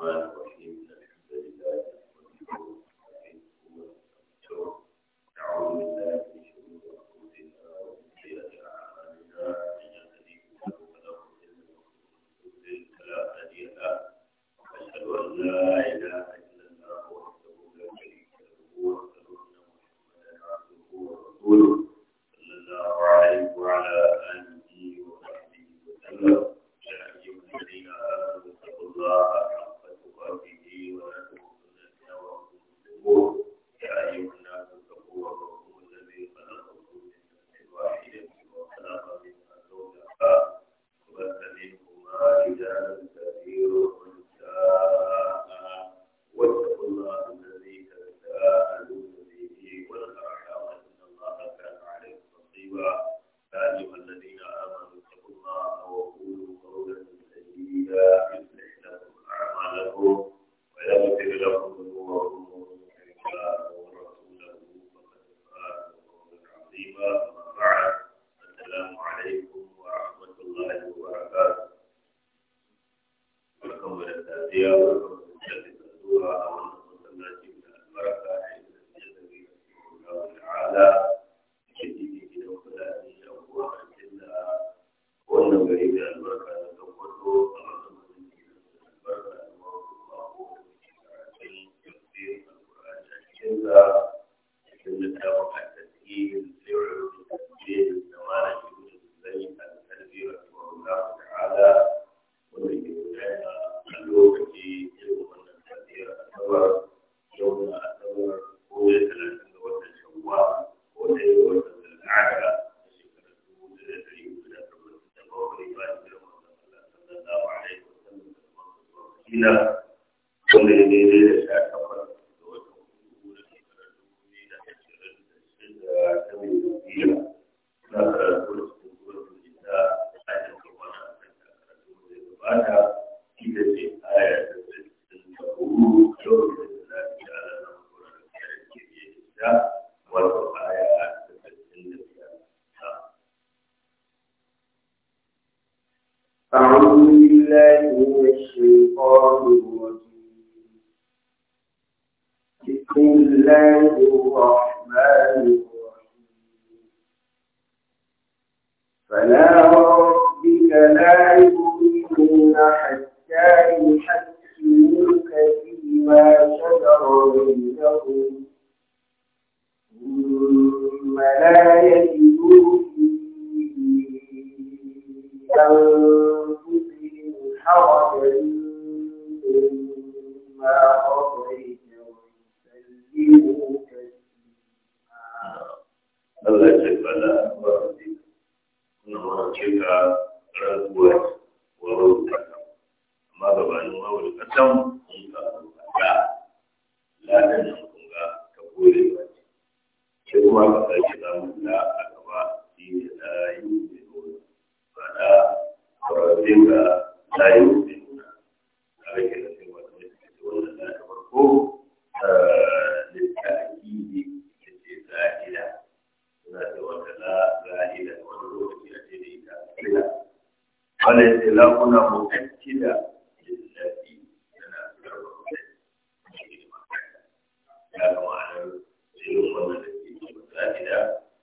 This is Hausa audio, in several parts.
الرحمن الرحيم الحمد لله نعوذ بالله من شرور انفسنا وسيئات اعمالنا من يهده الله فلا مضل له ومن يضلل فلا هادي له واشهد ان لا Ina ne ne ne da shafin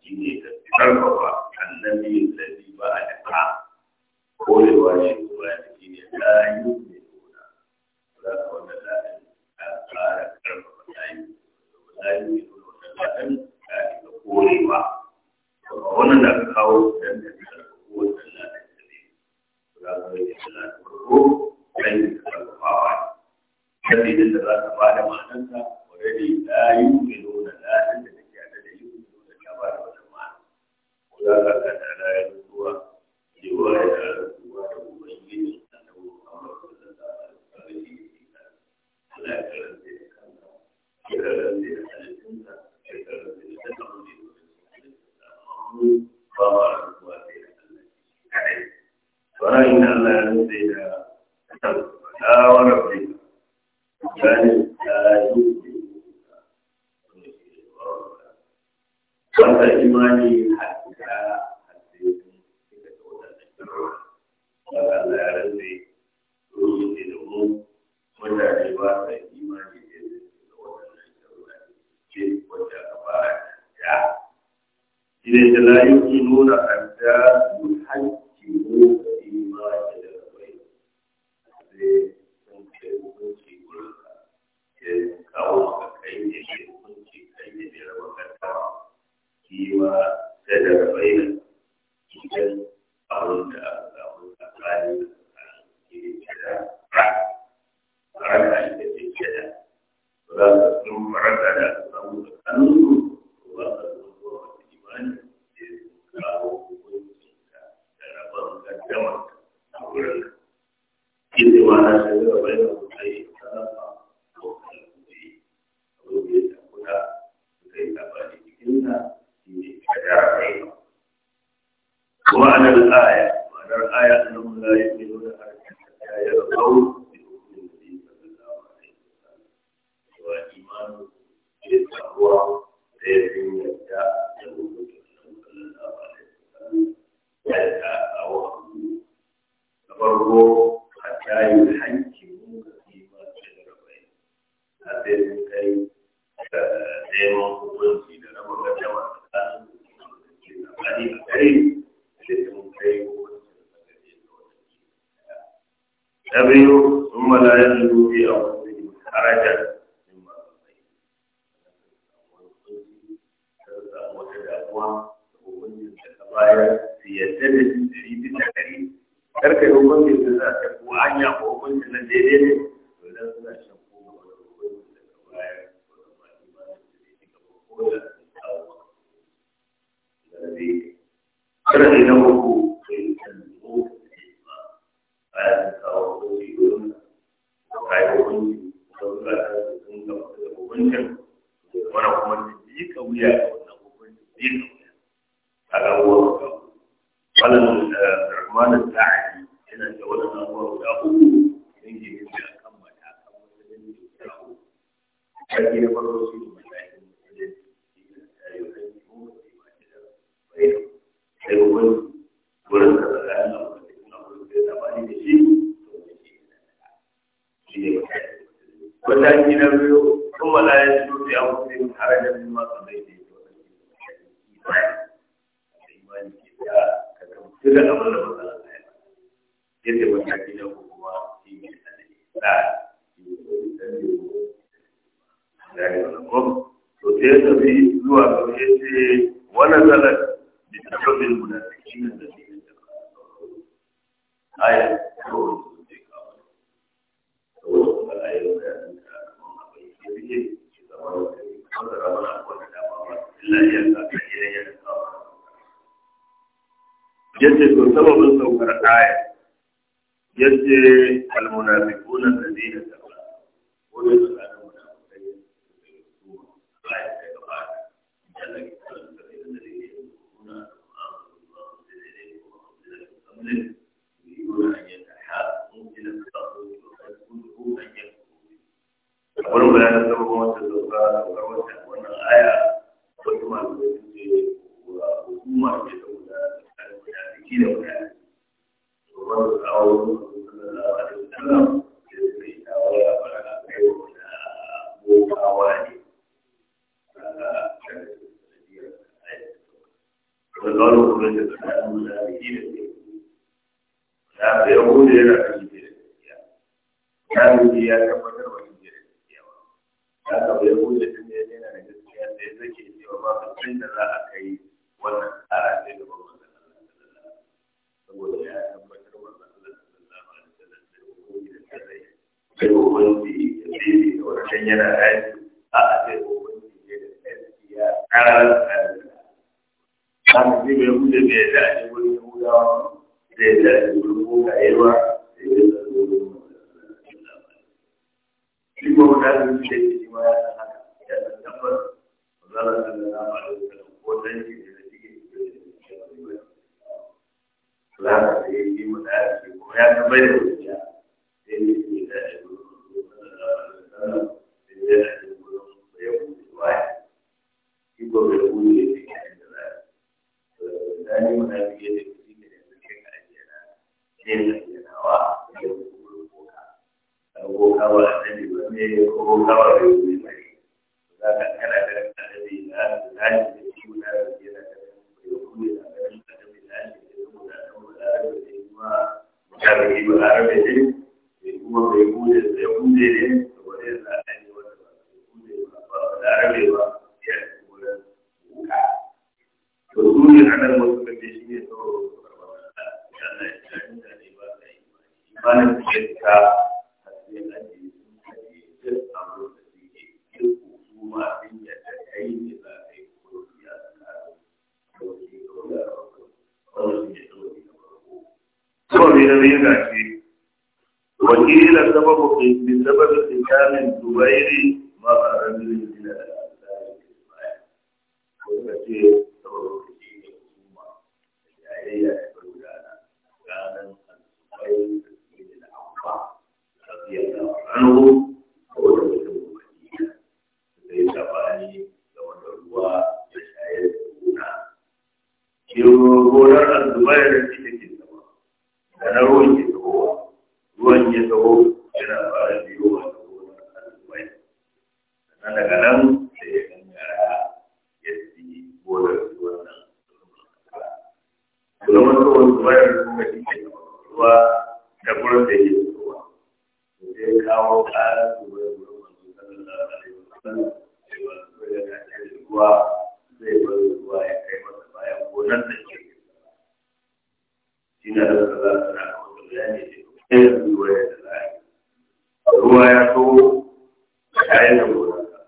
shi ne ka kan annabi معنى الآية da ya tafi zuwa ya ce wani zalar da ta da shi ne da ne da sababin saukar aya with attitude. We have to live wannan zance shi da za su na kawo bayani ce ta da ruwa ya da zai ruwa ya kawo shayar da gonarka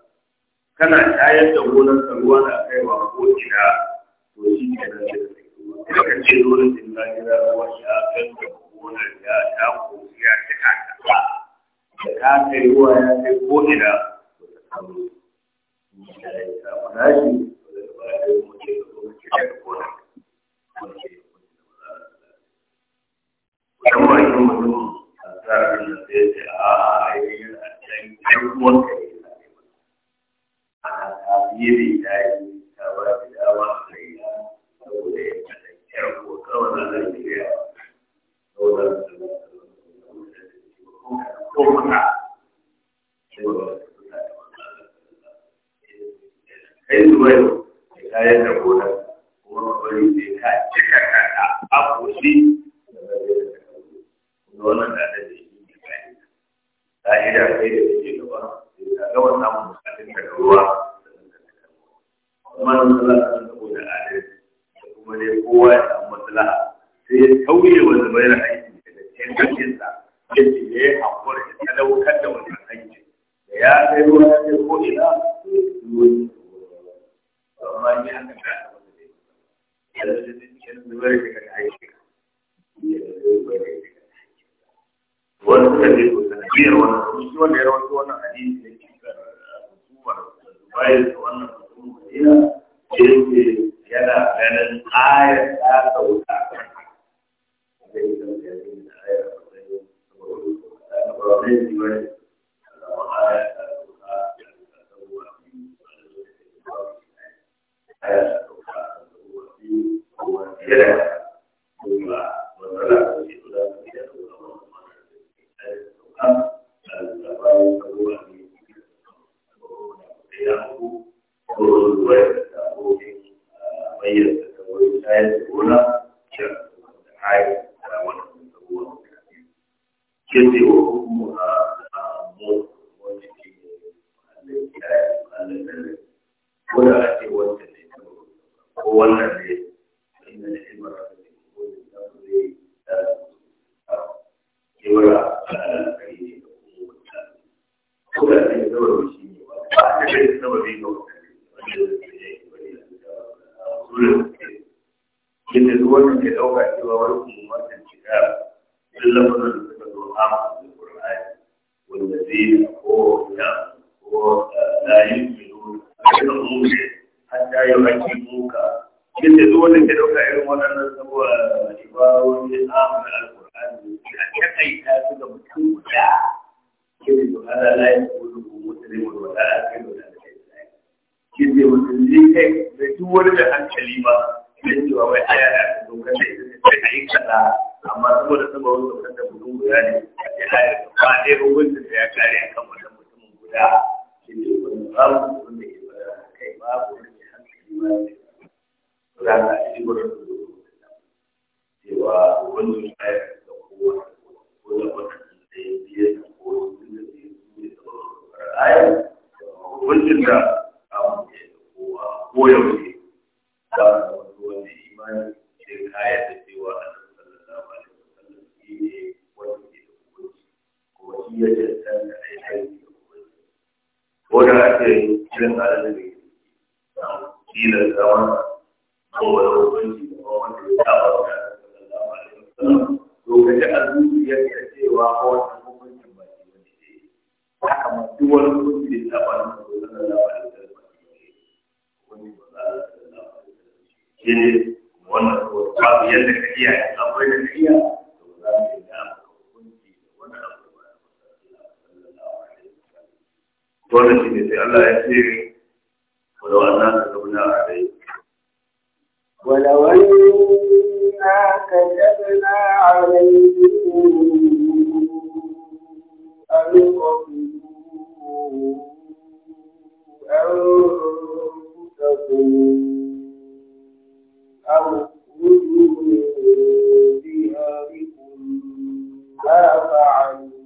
kana shayar da gonarka ruwa na kaiwa ko ina to shi ne da zai zai ka ce ruwan jin gajira ruwa a kan da gonar ya ta ko ya ta ba ta ka kai ruwa ya kai ko ina Ya, shi ya cancanta a da ubangiji ko da ake yi irin alamin da kila zama kowane ubangiji da wanda ya ya cewa ko wannan ba shi wani ne haka ma wani hukunci da ta ba shi ne hukuncin ba za a ne yadda ka iya akwai da ka iya wannan shi ne Allah ya tsere wala wani aka zama na a dai. Wala wani aka zama na a dai أو خذوا من ديارهم ما فعلوا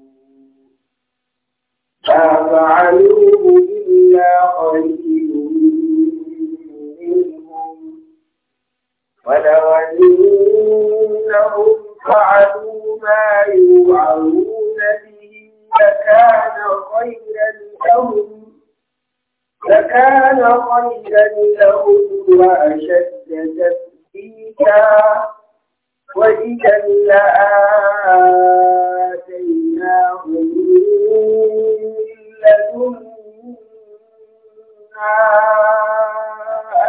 ففعلوه إلا قليل منهم ولو أنهم فعلوا ما يوعظون به لكان خيرا لهم لكان خيرا لهم وأشد تثبيتا وإذا لآتيناهم لدنا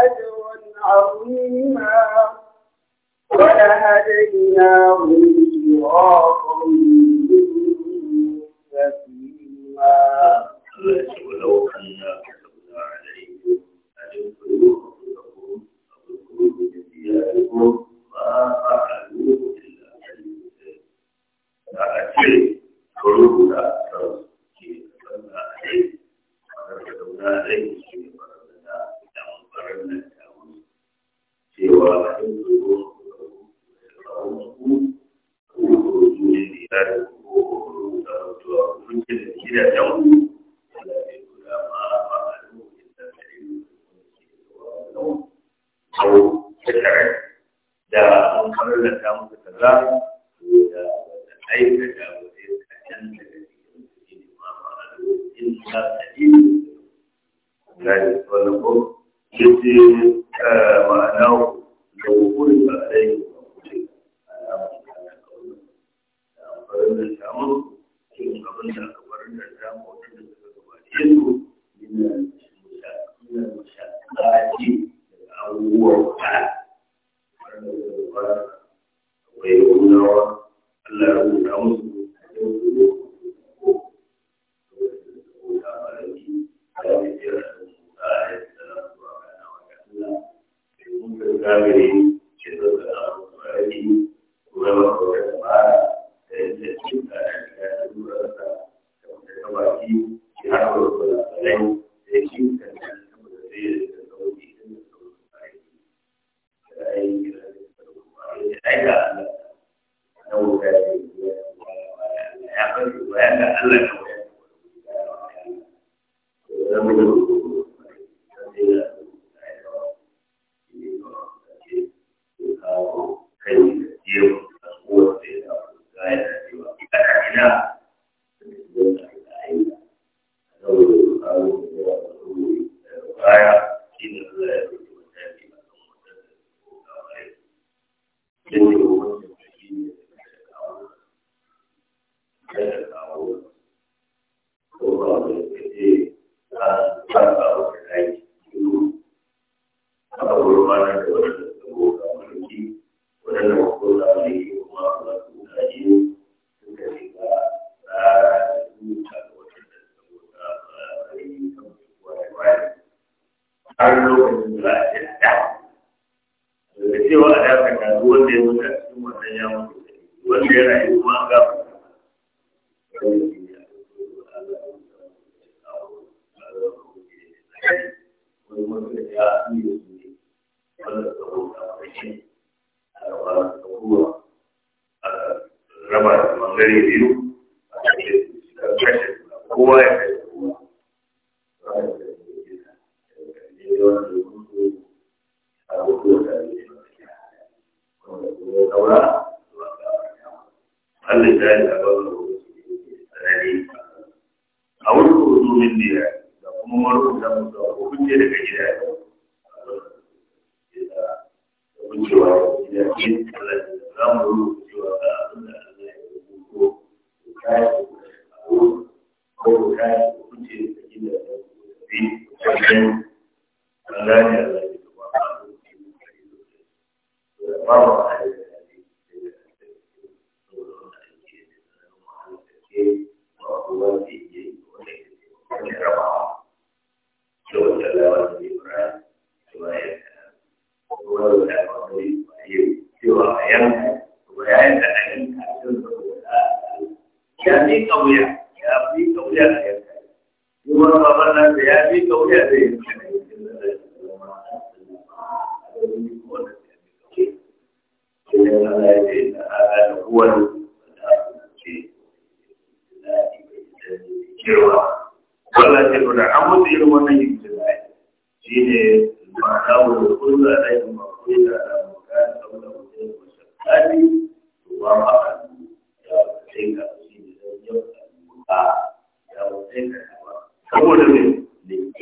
أجرا عظيما ولهديناهم صراطا مستقيما ولو أنا كتبنا عليهم أن يدخلوا أنفسهم أو يدخلوا ما فعلوا da ya kauya da ya cewa wala ce da an mutu irin wannan ne kuma da ya shi ne da a ya ka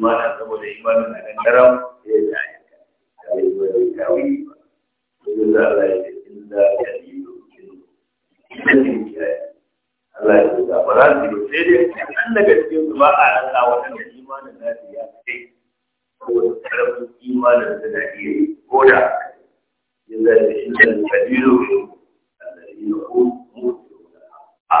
imana saboda imanin na nan daram ya yi ayyuka ya yi wani kawai ba wajen da Allah ya ce in za ka yi lokacin ilimin kiyaye Allah ya ce ba za su yi sai dai an daga cikin su ba a rasa waɗanda imanin za su ya kai saboda karfin imanin da na iya yi ko da yanzu da shi da kabiru da shi ko mutu a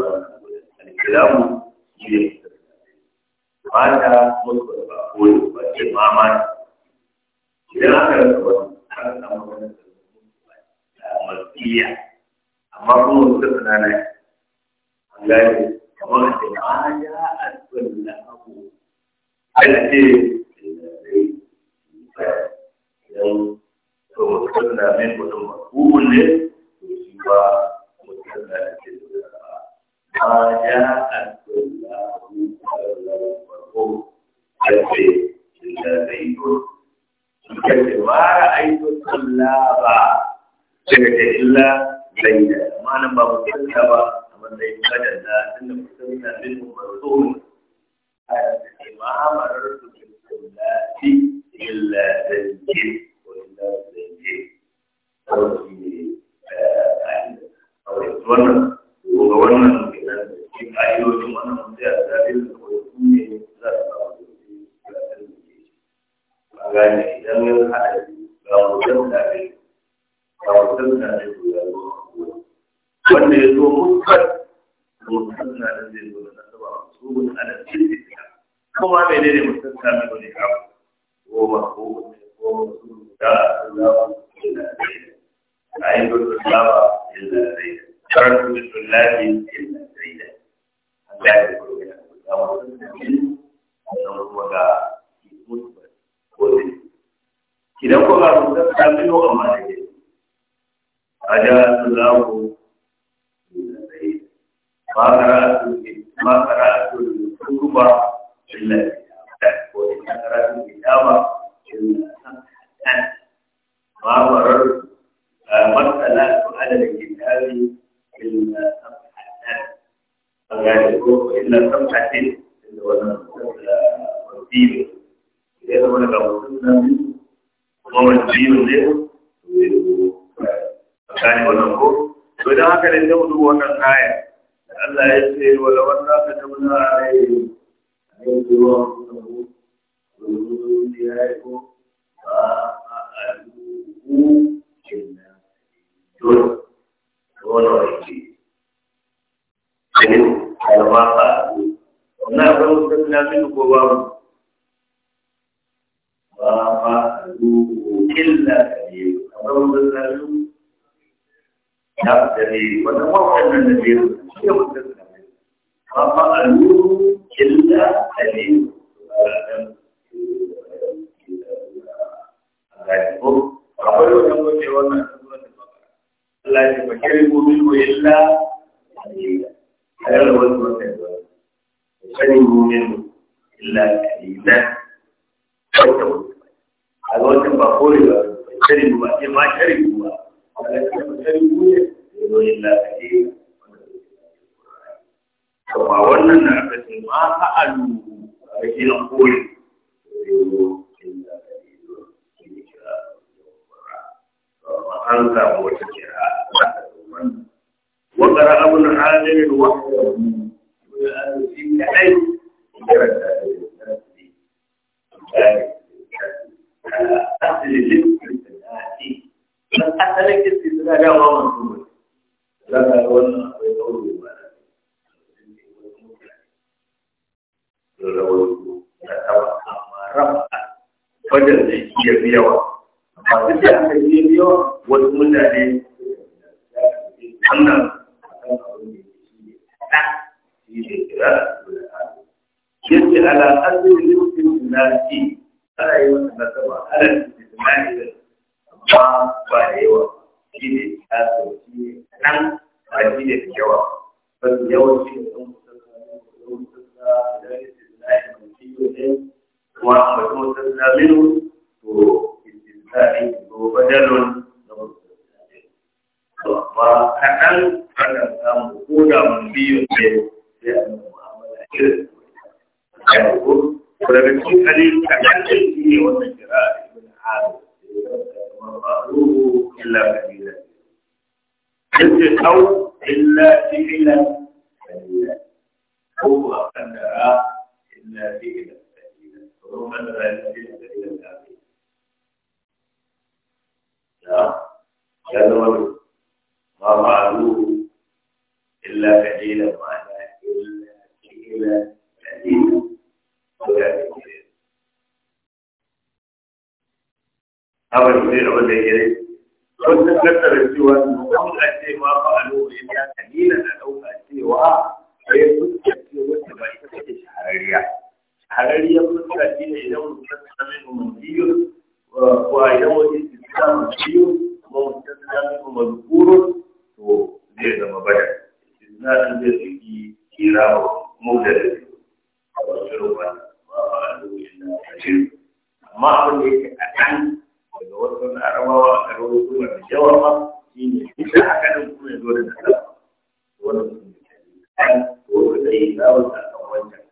ba alkalamu shi ne mata musu da ba kone ba ce mama idan aka rasa wani aka samu wani da masiya amma kuma wasu suna na an gane kamar a ce da ah, abu ana ce idan to mutum na ne shi ba mutum na ke فجاء الطلاب فلوحهم يبي إلا زيد كتب ورأيت الطلاب إلا زيد ما نبى مكتبا من زيد بدل إن مكتبنا منهم مرسول ما مررت بالطلاب إلا زيد وإلا زيد wannan ga wannan cikin ayyukan wannan mutum ya zaɓi da kwanakun ne za su samu da su karatun da ke shi a gane idan ya haɗa ga mutum da ne ga mutum da ne ko ya zo wanda ya zo mutum mutum na da zai zo da nasaba su mun ana cikin kuma menene mutum ta ne wani abu ko ma ko ko da Allah ya yi da Allah ya zai شرط لله الزينة الله يقول لك أنه هو idan kuma rubuta ta biyo amma da ke aja Allahu ma kara ma kara kuruba illa ko kara kuruba illa ma warar ko illa sam'atin da wannan wajibi wani da Allah ya ce wala wannan ya yi wajen zai iya fi yawa amma duk da aka yi yawa wasu mutane wannan yake ala asirin nufin nasi ana yi wata nasaba ala nufin amma ba da yawa shi ne ta ne nan ba shi ne da yawa ba yawanci da sun kusa da sun kusa da yawanci da na mai ciwo ne وأما يستثنى منه فاستثناء بدل وكأن أنا سام كودا من بيو لأن معاملة كده ولكن في قليل كأن فيه والنجراء من عالم وقالوه إلا قليلا إذ أو إلا فعلا قليلا هو أن إلا فعلا ومن لا يجد إلا الله ما فعلوه إلا قليلا وأنا إلا إلا قليلا أبا كثير عودة إليه كنت تكثر السوى المقام الأشياء ما فعلوه إلا قليلا أو أشياء وأشياء وأشياء وأشياء وأشياء harariyar fuska shi ne idan mutum ta sami umarciyo wa idan wani ta sami umarciyo kuma mutum ta sami umarciyo to zai zama bada na an zai suke kira wa mota da su a wasu ruwa ba a lokacin da ta ce amma abin da yake a kan daga wasu arabawa a rawar kuma da yawa ma shi ne ita a kanin kuma ya zo da nasara wani mutum da ke ko da yi zawon a kan wancan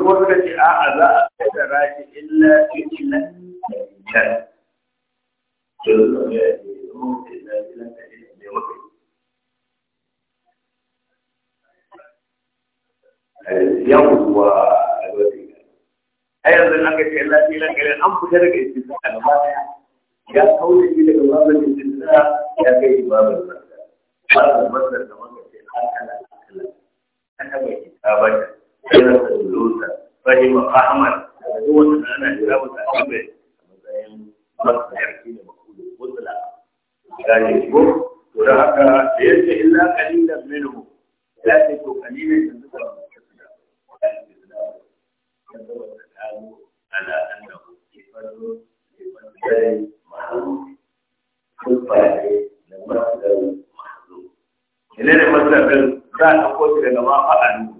wasu ko suka ce a'a za a kaddara shi illa illa kan yawwa a yanzu an ga kai lafiya kare an fita daga istisna gaba daya ya kawo shi daga babin istisna ya kai babin masar babin masar da wanda ke an kala an kala an kala ta bata irin lusa fahim ahmad duk wanda ana jira wata abu a matsayin masayar shi ne makudu mutula gane ko to da haka da ya ce illa kalilan minhu ya ce to kalilan yanzu ba mu kasu da ala annahu ifadu ifadu ma'ruf kulfare da masdar mahzuf ne ne masdar za a ɗauko shi daga ma fa'alu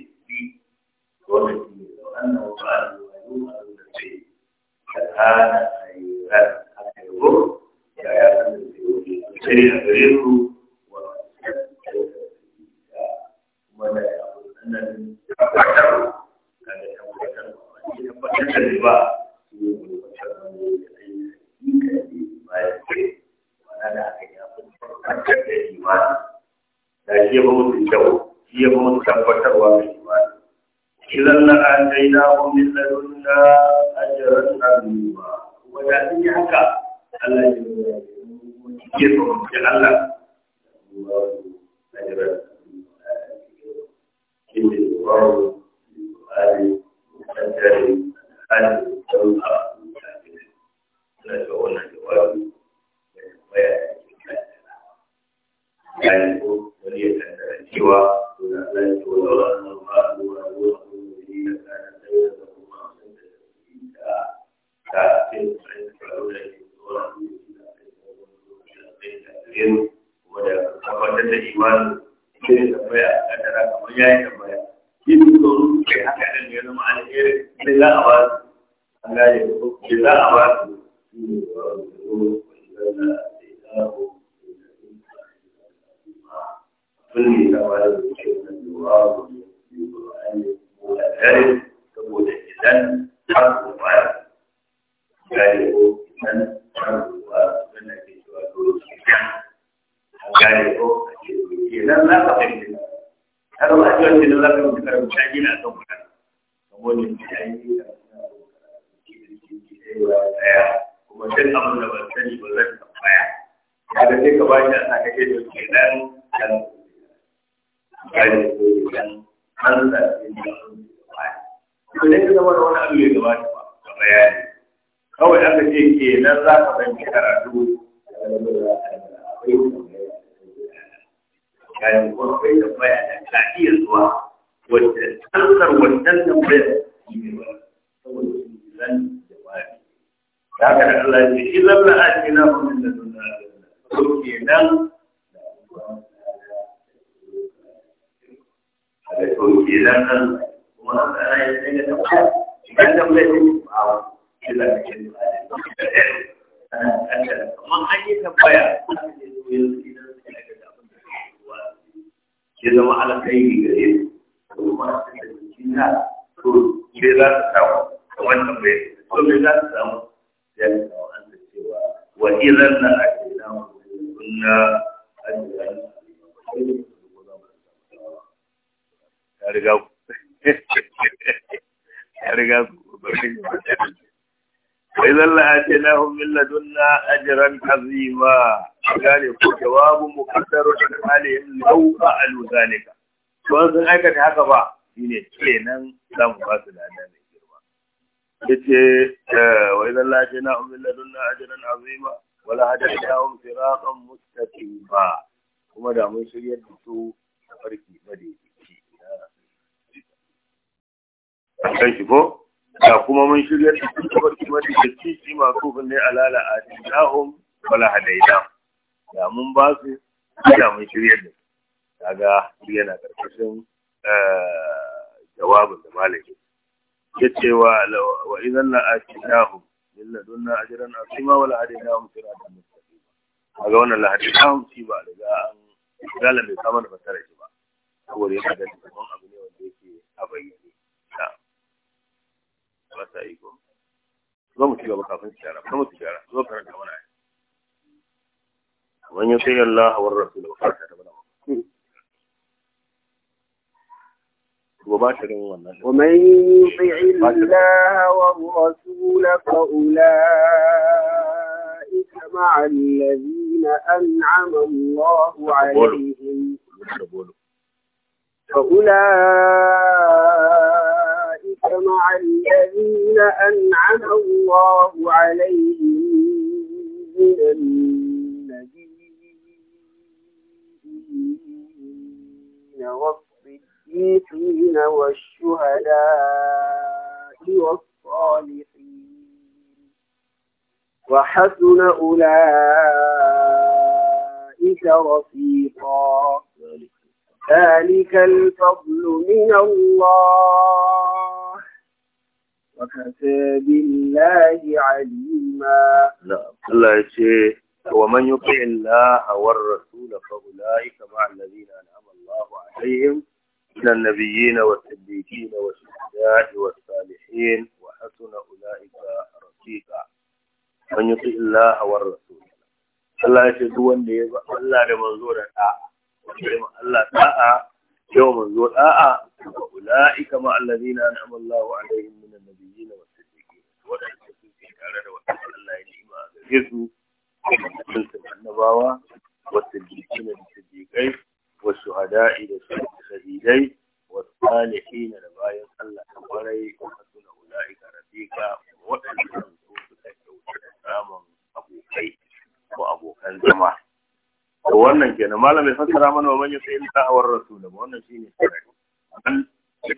kaga sai ka bashi ana ka ce to kenan dan kai ko an da to ne ka da wani abu ya gabata ba bayani kawai aka ce kenan za ka bayyana karatu kayan kwarfai da baya da ka iya zuwa wadda tsantsar wannan tambayar shi ne ba saboda shi zan jawabi da haka da Allah ya ce idan la'adi na mun da sunna to kenan da to kenan nan kuma an tsara yi sai da tabbata idan da mulai ne ba wa illa da ke da amma an yi tambaya ya zama alkhairi gare su kuma cikin da to me za su samu kamar tambayar to me za su samu ya samu an cewa wa na ake na ya riga ku ya riga na bari وإذا لآتيناهم من لدنا أجرا عظيما ذلك da مقدر yin لو a ذلك Tuwan sun aikata haka ba shi ne kenan nan zamu ba su lada mai girma ya ce wa idan lafiya na umin ladun na ajiyar azima wala hadainahum siratan mustaqima kuma da mun shirya da su a farki madaidaici kan shi ko da kuma mun shiryar da su da farki madaidaici shi ma kufin ne alala adinahum wala hadainahum da mun ba su da mun shiryar da su kaga yana karkashin eh, jawabin da malamin ya ce wa idan la'atinahum min ladunna ajran azima wa la'adainahum siratan mustaqima kaga wannan lahadi ta mutu ba daga an galan bai kama da fasara shi ba saboda ya kada kuma abu ne wanda yake a bayyane ta masa iko zo mu ci kafin zo يطيع الله والرسول فقد فاز ومن يطع الله والرسول فأولئك مع الذين أنعم الله عليهم فأولئك مع الذين أنعم الله عليهم من النبيين والصديقين والشهداء والصالحين وحسن أولئك رفيقا ذلك الفضل من الله وكفى بالله عليما لا الله شيء ومن يطع الله والرسول فأولئك مع الذين أنعم الله عليهم من النبيين والصديقين والشهداء والصالحين وحسن أولئك رفيقا من يطع الله والرسول Allah ya ce duk wanda ya ba Allah da manzo da da'a kuma Allah da'a yau manzo da'a fa ulaika ma allazina an'ama Allahu alaihim min an-nabiyyin wa as da wanda Allah ya da والشهداء والشهيدين والصالحين لبايا صلى عليه وحسن أولئك رفيقا وأن تنسوك تكون أبو كي وأبو كان wannan kenan da awar rasul wannan shine sarari an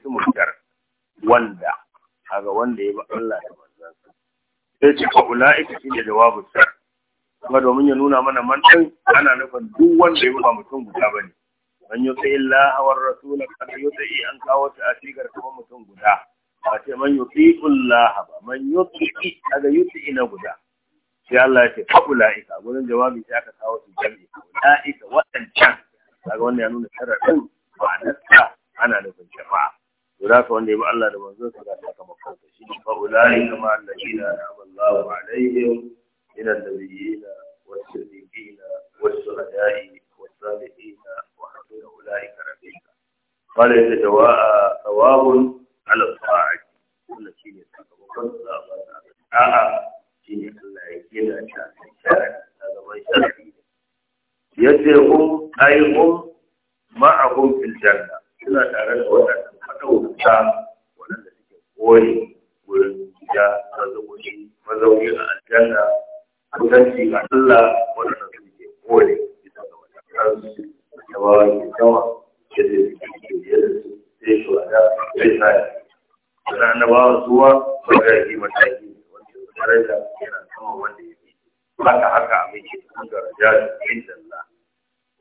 wanda wanda ya ba Allah sai ya nuna mana man ana nufin duk wanda ya ba mutum guda bane man yuti illaha war rasul kan yuti an kawo ta asigar kuma mutum guda ba ce man yuti illaha ba man yuti daga yuti ina guda sai Allah ya ce fa'ula'ika gurin jawabi sai aka kawo su jami'i fa'ula'ika waɗancan daga wanda ya nuna sharaɗin ma'anarsa ana da kun shafa to da ka wanda ya bi Allah da manzon sa da sakamakon sa shi fa'ula'ika ma alladina an'ama دون أولئك ربيك قال يتجواء ثواب على الطاعة كل شيء يتجواء الطاعة شيء الله يجيب عشان هذا ما يشرحي يتهم أيهم معهم في الجنة suna tare da waɗannan maɗauka waɗanda suke koyi wurin gida mazauni mazauni a aljanna kusanci ga Allah waɗanda suke koyi bisa ga kyawawa ke yawa ya zai fi biyar da su sai shi wada sai sai suna annabawa zuwa mataki mataki wanda daraja yana sama wanda ya fi haka haka abin ke cikin daraja inda Allah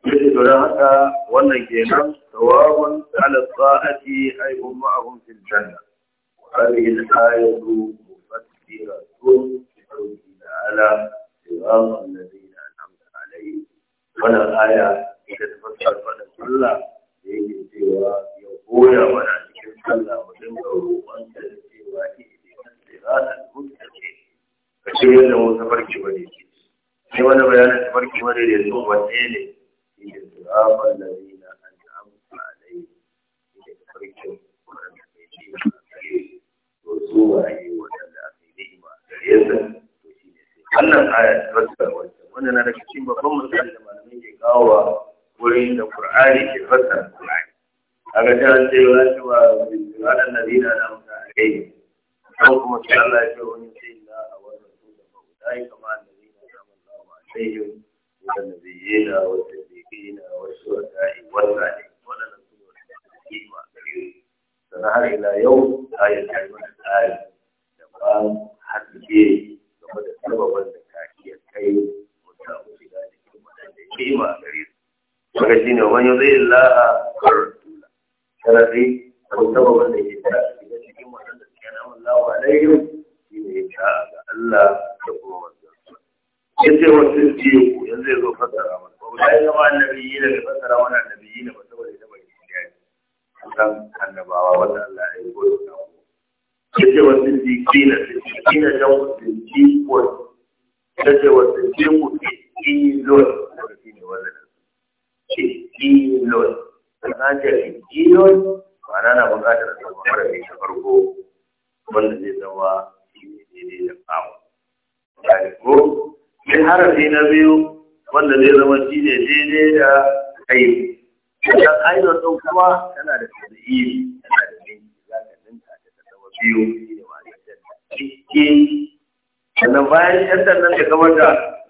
yake don haka wannan kenan tawabun ala sa'ati ay umma ahum fil janna هذه ala, sai بقوله تعالى صراط zai أنعمت عليهم ولا آية aiki da fasa faɗin Allah da yake cewa ya koya mana cikin Allah mu dinga roƙon da cewa ke da ranar mutane ka ce yadda mu tafarki wani sai wani bayanin tafarki wani ne sun wanne ne shi ne tsirafan and they will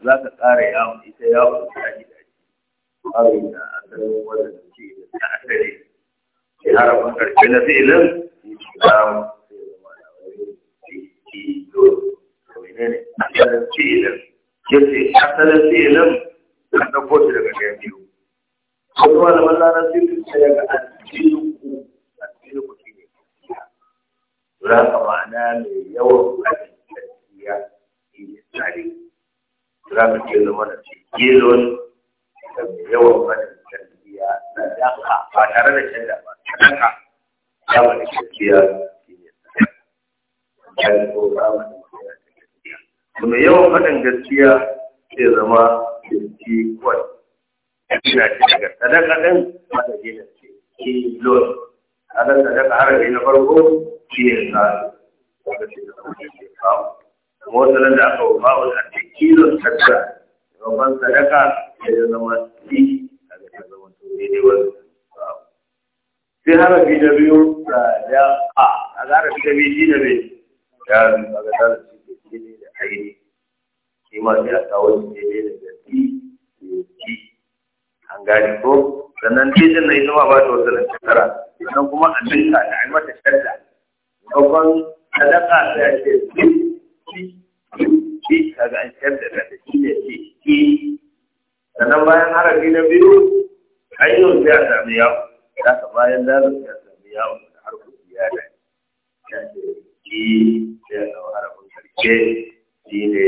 za ka ƙara yawon ita yawon ta gidaje tsarin da asalin wannan ce da asali ke harafin karshe na fi'ilin yawon sai zama da wani fi'ilo da wani ne asalin fi'ilin yace asalin fi'ilin ka ɗauko shi daga ɗaya biyu wasu malaman lanar sirri ce ku. asiliku asiliku shi ne gaskiya don ma'ana mai yawan gaskiya shi ne tsari za ka ce zama da ce da yawan tarbiyya na daka ba tare da canza ba daka tarbiyya kuma yawan faɗin gaskiya zai zama gaski kwan ina ce daga sadaka ɗin mata da ce gelon a sadaka harafi na farko shi ne sa wanda ce da kuma ke kawo kamar da aka wa ba'ul a cikin sadaka rabban sadaka da ya zama ci a ga ta zama to ne wani sai harafi da biyu da a a harafi da biyu shi da biyu ya a ga ta ci da ne da aini shi ma sai a kawo shi ne da ci da ci an gane ko sannan titin na ita ma ba ta wasu lantarkara sannan kuma a dinka da a mata shadda babban sadaka da ya ce shi shi an shaddada da shi ne shi sannan bayan harafi na biyu ayyun sai a sami yawo haka bayan lalun sai a sami yawo da harkar ziyada ya ce shi sai a kawo harafin karshe shi ne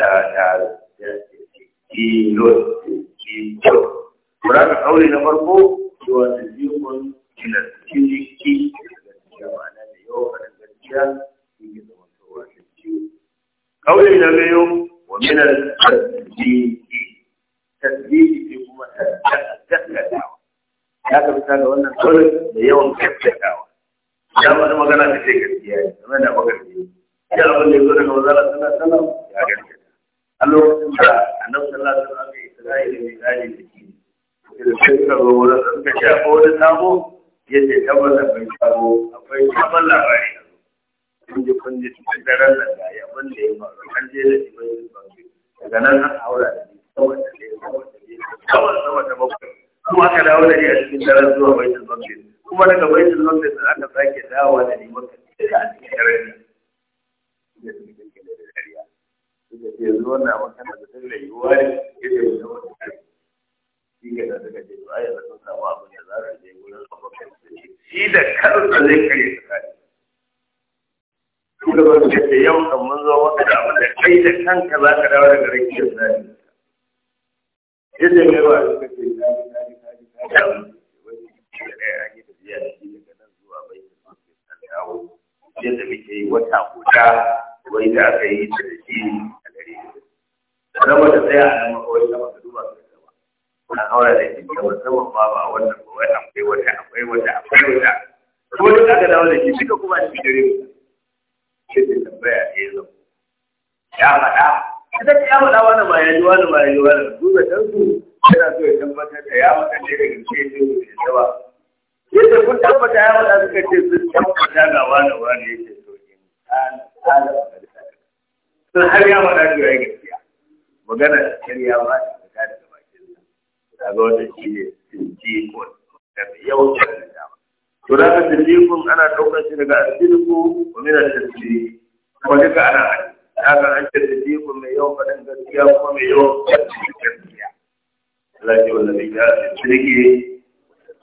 ta tare ya ce shi lot shi lot kuraka kauli na farko shi wata jikun kila cikin jiki daga cikin ma'ana da yawa da gaskiya قولي نبيه ومن التصديق tasiri في kuma gaskatawa ya ka bisa ga wannan kawai da yawan gaskatawa ya wani magana da ce gaskiya ne game da magarbi ya abin da ya daga wazara sallallahu alaihi ya gaskata a lokacin da annabi sallallahu alaihi wasallam ya isra'ila mai gane da ke da sai ka wurin da suka shafa wani yadda ya tabbata bai sabo akwai sabon labari Kun je cikin daren nan ga yabon da ya faru an je da shi daga nan an haura da ni saboda da ya saboda da ya saboda saboda bakwai kuma aka dawo da ni a cikin daren zuwa baitul maqdis kuma daga baitul maqdis aka sake dawo da ni maka a cikin daren nan yanzu wannan magana da ta yiwuwa ne ya ce wani wata shi ke da suka ce to ai yanzu sun samu abin da za su je wurin abokan shi da kansa zai kare da ba su ce yau kan mun zo maka da abin da kai da kanka za ka dawo daga rikin zari yadda ne ba su kace zari zari zari zari yadda muke yi wata guda wai da aka yi da shi a gare shi zama da tsaya a nan makawai sama ka duba ka gaba na haura da shi gaba saman ba wannan ba wai akwai wata akwai wata akwai wata ko da aka dawo da shi duka kuma shi dare sai ya faɗa ita wani ba ya ji wani ba ya yana so ya tabbatar da ya faɗa ne daga ce ne da ta ba, yadda kun tabbata ya faɗa suka ce sun tabbata ga wani wani sun har ya faɗa ya gaskiya magana da ba ta fita daga bakin sa wata shi ne ko da yau da to da ka kun ana ɗaukar shi daga asiriku wa al tasiri kuma duka ana haka an ce kun mai yawan dan gaskiya kuma mai yawan faɗin gaskiya Allah ya wanda bai ga shirki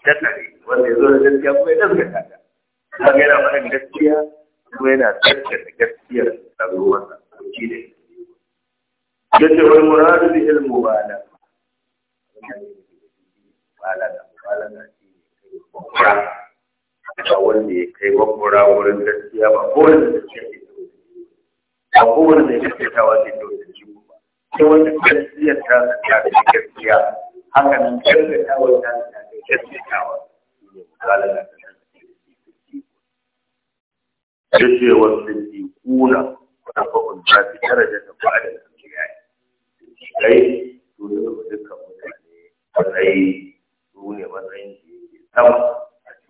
dakare wanda ya zo da gaskiya kuma ya gaskata ta kaga yana mana gaskiya kuma yana gaskata gaskiyar a ruwansa shi ne yace wal muradu bi al mubalaga mubalaga mubalaga shi ne ba wanda ya kai wakura wurin gaskiya ba ko wanda da gaskiya ke ba ko wanda da gaskiya ta wace ta wace ci ba ko wanda gaskiya ta ta ta gaskiya haka nan gaskiya ta wace ta ta gaskiya ta wace misalin da ta yace ke kuna da fa kun ta fi da ta ba da kiyaye kai dole da dukkan mutane sai su ne matsayin da yake sama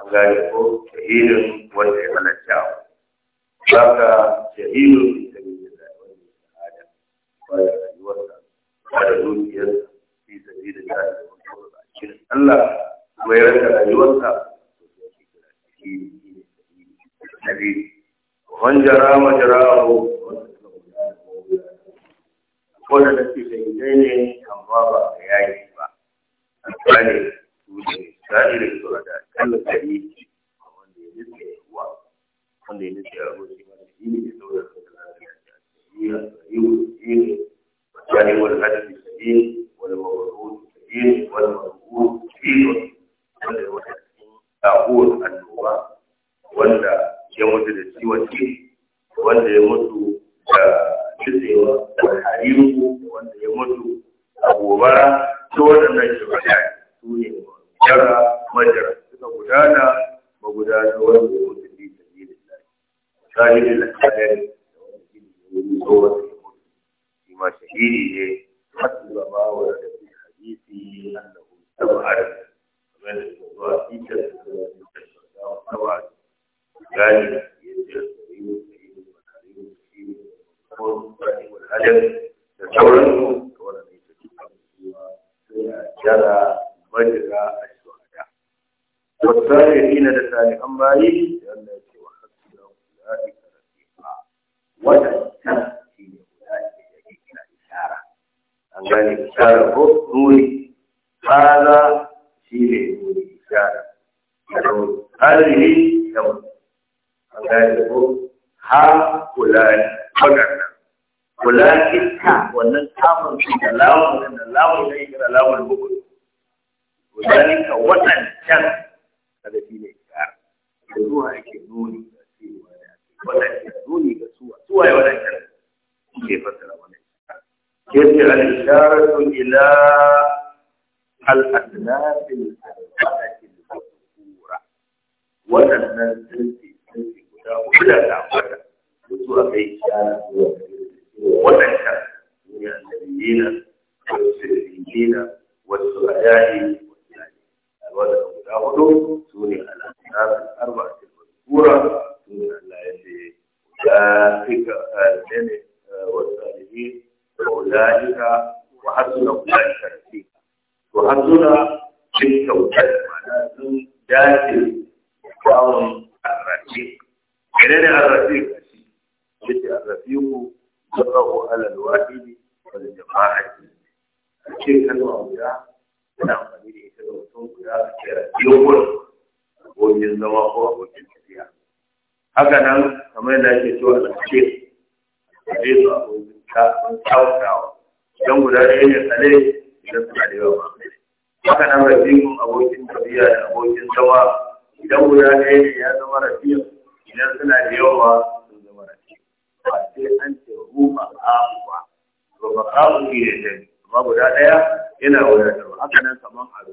an gane ko shahidin wanda ya halatta haka shahidin da yi da wani shahada ba da rayuwarsa ba da dukiyarsa fi sabi da ta da wani a cikin Allah kuma ya rasa rayuwarsa man jara ma jara wanda da da shahidai ne amma ba a yaki ba a su ne sa'irin sura da kallon a wanda ya nufi yawa wanda ya nufi ya shi ma da shi ne sura da kallon sa'i a yi wa sa'i wani wani hadisi sa'i wani mawaruru sa'i wani mawaruru sa'i wanda ya wata cikin ɗahuwar annoba wanda ya mutu da ciwon ci wanda ya mutu da kitsewa da hariru wanda ya mutu a gobara ta waɗannan shi ba su ne yara majara suka gudana magudanar wanda ya mutu ne da ne da shahidi da kayan da wanda shi ne wuri so wanda ya mutu shi ma shahidi ne hasu zama wa da fi hadisi annahu sab'ar kamar da ke zuwa fitar da ke zuwa sab'ar gani ya ce sahihu sahihu sahihu sahihu ko sahihu al-hadith da yi da wannan ne ta cikin cewa sai a jara wajira a shuhada wasari ina da salihan bayi da Allah ya ce wa hasbuna ulai ka rafiqa wadannan shi ne ulai da yake kira ishara an gane ishara ko nuri hada shi ne nuri ishara hadihi yau an gane ko ha ulai wadannan ulai ta wannan kamun da lawan da lawan da yake da lawan bukuku wajen ka waɗancan ƙarfi ne ka da ruwa yake nuni ga cewa ya ce waɗancan nuni ga suwa suwa ya waɗancan ke fassara wani ke ce al-isharatu ila al-asnafil al-fadakin al-kura waɗannan sirri sirri guda guda da kafata mutu a kai shara zuwa waɗancan duniya da dina wasu sirri dina wasu ayayi guda hudu su ne al'adar arba'atul mazkura su ne Allah ya ce ulaika ne wa salihin wa ulaika wa hasuna ulaika rafiqa to hasuna sun kyautar mana sun dace da kyawun arrafiq menene arrafiq shi yace wani jama'a على الواحد والجماعة الشيء كان وعودا كان عملي da mutum guda a kera yawon abokin zama ko abokin tafiya haka nan kamar yadda ake cewa alhaji alhaji su abokin kyautawa idan guda ɗaya ne tsale idan suna da yawa ba. haka nan rafiqun abokin tafiya da abokin zama idan guda ɗaya ne ya zama rafiq idan suna da yawa sun zama rafiq ba sai an ce ruba abuwa ruba abu ne da amma guda ɗaya yana wadatarwa haka nan kamar ga a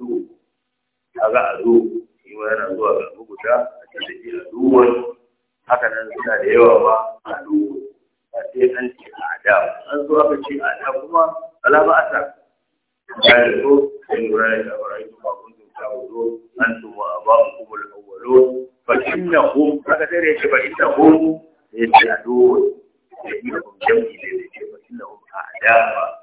zo shi ma yana zuwa ga guda a cikin shi azuwan haka nan suna da yawa ma azu A ce an ce a da. an zo aka ce da kuma alama ata ya yi so in gura da shawarar yi ba kun tun ta wuro an tuma a ba hukumar awwalo fa inna hum haka sai da yake fa inna hum ya ce azuwan ya yi da kuma jami'i da ya ce fa inna hum a da ba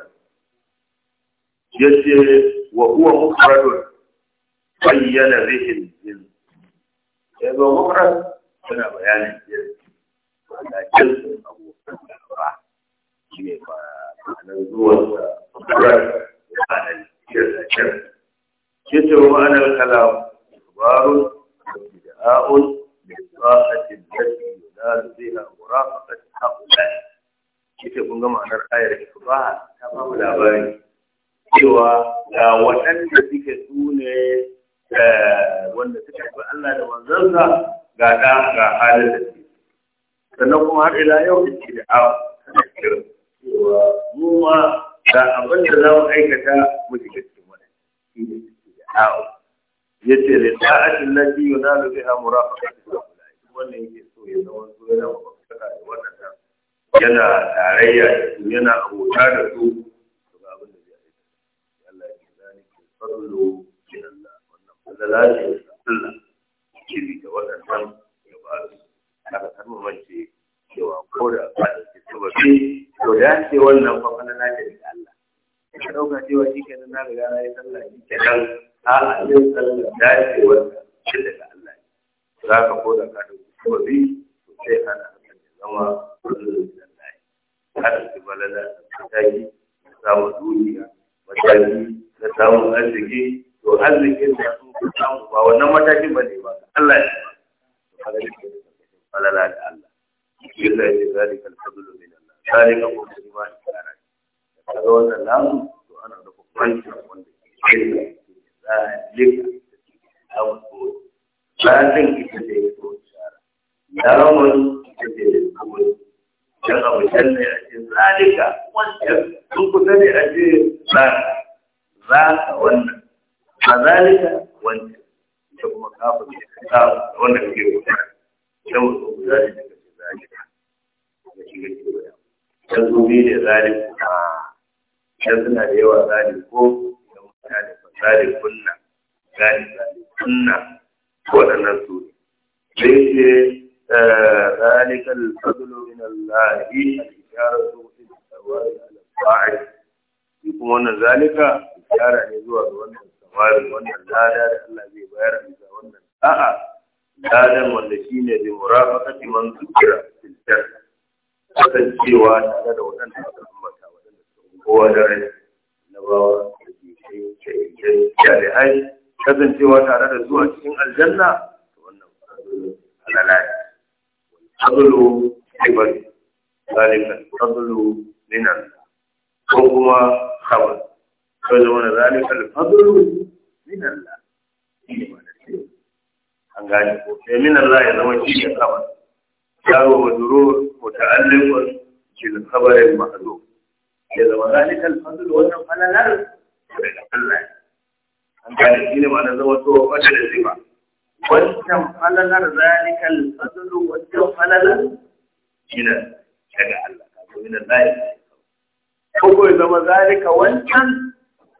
yace wa huwa mufradun bayyana bihi jins ya eh, zo mufrad suna bayanin jins wanda jins abubuwan da ba shi ne ba nan zuwa mufrad ba da jins da jins wa ma'anar kalam barun ibtida'un للراحة التي ينال kun مرافقة هؤلاء. كيف يكون معنى الآية الإفضاء؟ تمام الأبائي. cewa waɗanda suke su ne eh, wanda suka fi Allah da manzansa ga ɗa ga halin da su. Sannan kuma har ila yau da ke da awa tana kiran cewa mu ma ga abin da za mu aikata mu shiga cikin wani shi ne da awa. Ya ce da ta'atin lafi yau na lubi ha murafa da zakulai wannan yake so ya zama so yana mafaka da waɗanda yana tarayya da su yana abota da su fadlu min Allah wannan fadala ce Allah shiri da waɗannan ya ba su haka kar mu cewa ko da ba da ke sababi to da ce wannan fa fadala ce daga Allah ka dauka cewa shi kenan na riga na yi sallah shi kenan a'a yin sallah da ce wannan shi daga Allah ne za ka ko da ka dauki sababi to sai ana hakan ya zama fadlu min Allah har ki balala ta yi samu duniya mataki da samun arziki to arziki da su ka samu ba wannan mataki ba ne ba Allah ne falala da Allah shi ya ce zalika al min Allah ko ba kaga wannan to ana da kwanci wanda ke zalika zalin ita ce ya shara lamun ita ce ya dan abu a ce zalika wancan sun kusa ne a ce zalika za ka wannan a zalika wanda ta kuma kafa ne ka sa wanda ke wuta yau da ku za ka daga zalika da shi yake wuta sai da zalika sai suna da yawa zalika ko idan mutane da fasari kunna gani zalika kunna waɗannan su ne sai ke zalika al-fadlu min Allah ya rasu da wani al-fa'il kuma wannan zalika ishara ne zuwa ga wannan samari wannan lada da Allah zai bayar bisa wannan a'a ladan wanda shi shine bi murafaqati man zikira fil janna cewa tare da waɗanda aka ambata waɗanda suka kowa da rai na bawa da jikin shaidai jami'ai kasancewa tare da zuwa cikin aljanna wannan halala ne fadlu ibad zalika fadlu min Allah ko kuma khabar ko da wani zalika al-fadlu min Allah an gane ko sai min Allah ya zama shi ne kaba yaro maduro muta'alliqun bil khabar al-mahdhuf ya zama zalika al-fadlu wannan falalar daga Allah an gane shi ne ma'anar zama to wata da ziba wancan falalar zalikal al-fadlu wancan falalar shi ne daga Allah ko min Allah ko ko zama zalika wancan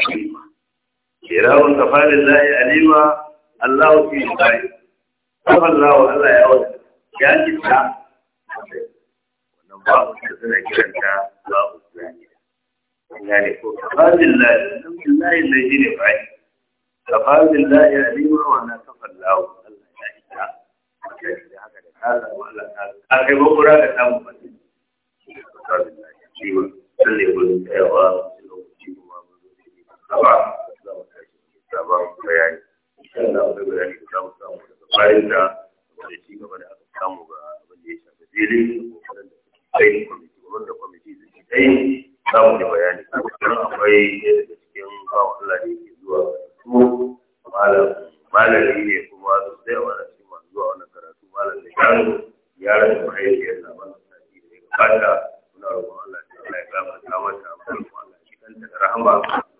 حكيما كراما كفى لله عليما الله في الغاية كفى الله الله يا ولد يا جدا wannan babu da suna kiranta babu zaniya an gane ko kafalin lahi alhamdulillahi na ji ne bai kafalin lahi alima na kafan allah ya ita da haka da kasa wa allah ta a kai bakura da samun fasi kafalin lahi alima sallai gudun tsayawa a lokacin gaba za mu tashi sabon bayani insha da mu da ya shafi da kai kwamiti cikin bawa Allah da yake zuwa su malami ne kuma a zuwa wannan karatu da yaro yaron da mahaifiyar na da ya ta mata da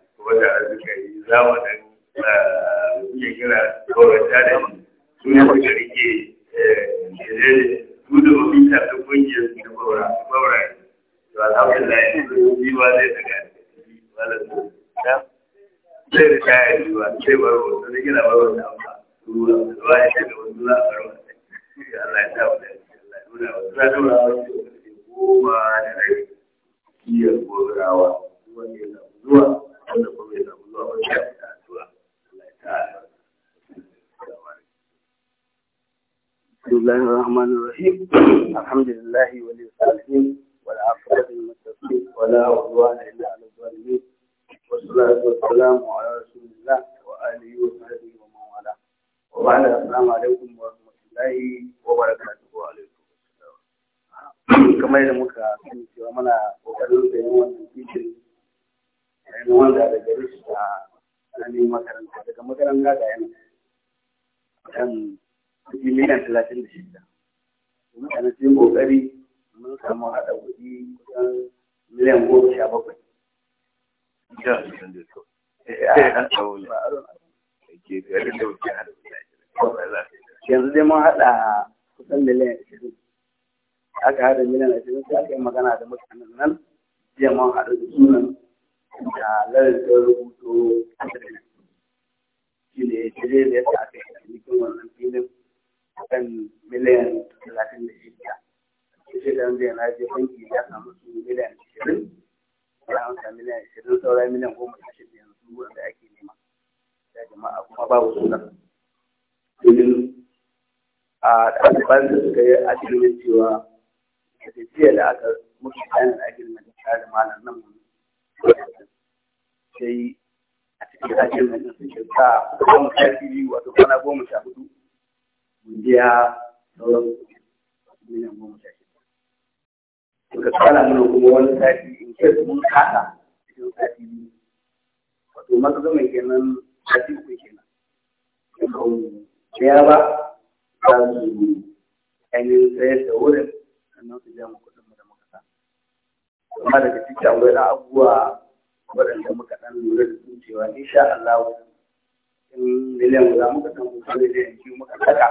kuma da suka yi zamanin eh, ya kira kawanta da shi su ne suka rike eh, su da mafi tafi kungiyar su da maura to alhamdulillah ya yi ba zai daga zai rika ya yi ba zai bar wata da gina bar wata amma ruwa da ba ya da wasu za a bar wata Allah ya sa wata Allah ya nuna wata za a nuna wata goma da rai kiyar gobirawa wanda ya zuwa Kamar yadda muka sani cewa muna ƙoƙarin da yin wannan titin ainihin wanda da gari shi ta ainihin makaranta daga makaranta ga yana kan kuɗi miliyan talatin da shida mutane sun kokari mun samu haɗa kuɗi kusan miliyan goma sha bakwai eh, eh, eh, yanzu dai mun haɗa kusan miliyan ashirin aka haɗa miliyan ashirin sai aka yi magana da mutanen nan jiya mun haɗa da sunan da lalata rubutu shi ne shirye da yadda aka yi cikin wannan filin kan miliyan talatin da shida shi da yanzu yana je banki ya samu su miliyan ashirin ya amsa miliyan ashirin sauran miliyan goma sha shida yanzu wanda ake nema Da jama'a kuma babu suna domin a ɗaliban da suka yi ajiyar cewa da jiya da aka mutu kayan ajiyar da malam nan sai a cikin ajiyar da sun shirka kuma sati biyu wato kwana goma sha hudu gundiya sauran miliyan goma sha shida daga kwana mana kuma wani sati in ke mun kasa cikin sati biyu wato masu zama kenan sati uku kenan ya ba za su ainihin sayar da wurin sannan su ja amma daga cikin akwai na abubuwa waɗanda muka ɗan lura da sun cewa insha Allah in miliyan guda muka ɗan kusa miliyan biyu muka saka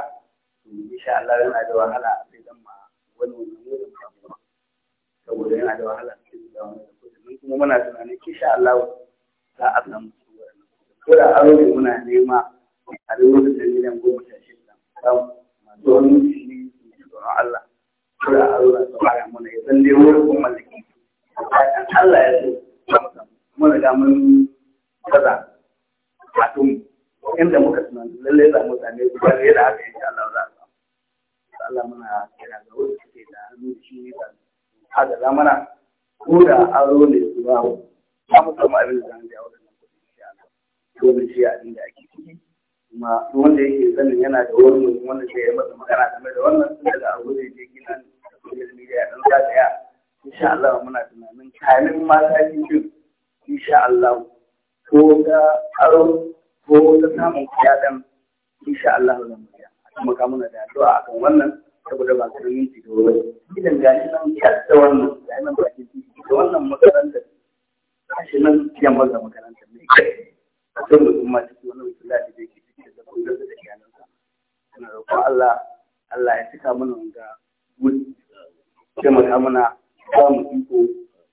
insha Allah yana da wahala sai zan ma wani wani wani damuwa saboda yana da wahala sai zan ma wani kuɗi kuma muna tunanin sha Allah za a samu ko da aro ne muna nema a lokacin da miliyan goma sha shida samu masu wani shi ne Allah ko da aro na tsara mana ya san dai wurin kuma Allah ya so mun riga mun kaza kafin inda muka tunani lalle za mu same su ba da haka insha Allah za a samu Allah muna kira ga wanda suke da hannu da shi ne da haka za mana ko da aro ne su ba za mu samu abin da zan biya wadannan kuɗi insha Allah dole shi abin da ake ciki kuma wanda yake sanin yana da wani wanda zai ya masa magana game da wannan tun daga aro zai je gina da social media dan ya. insha Allah muna tunanin kanin mata cikin insha Allah ko ga aro ko ta samun kuɗaɗen insha Allah za mu iya taimaka muna da addu'a akan wannan saboda ba su yi ci idan ga shi nan da wannan gashi nan bakin titi da wannan makarantar shi nan yamma da makarantar ne a kan da kuma ciki wani mutum da ke cikin da kuma da iyalansa Kana roƙon Allah Allah ya cika mana ga gudu taimaka mana ba mu iko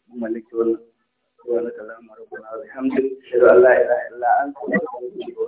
mu mallaki wannan. Wa lakal amru wa bihamdik, shada wa atubu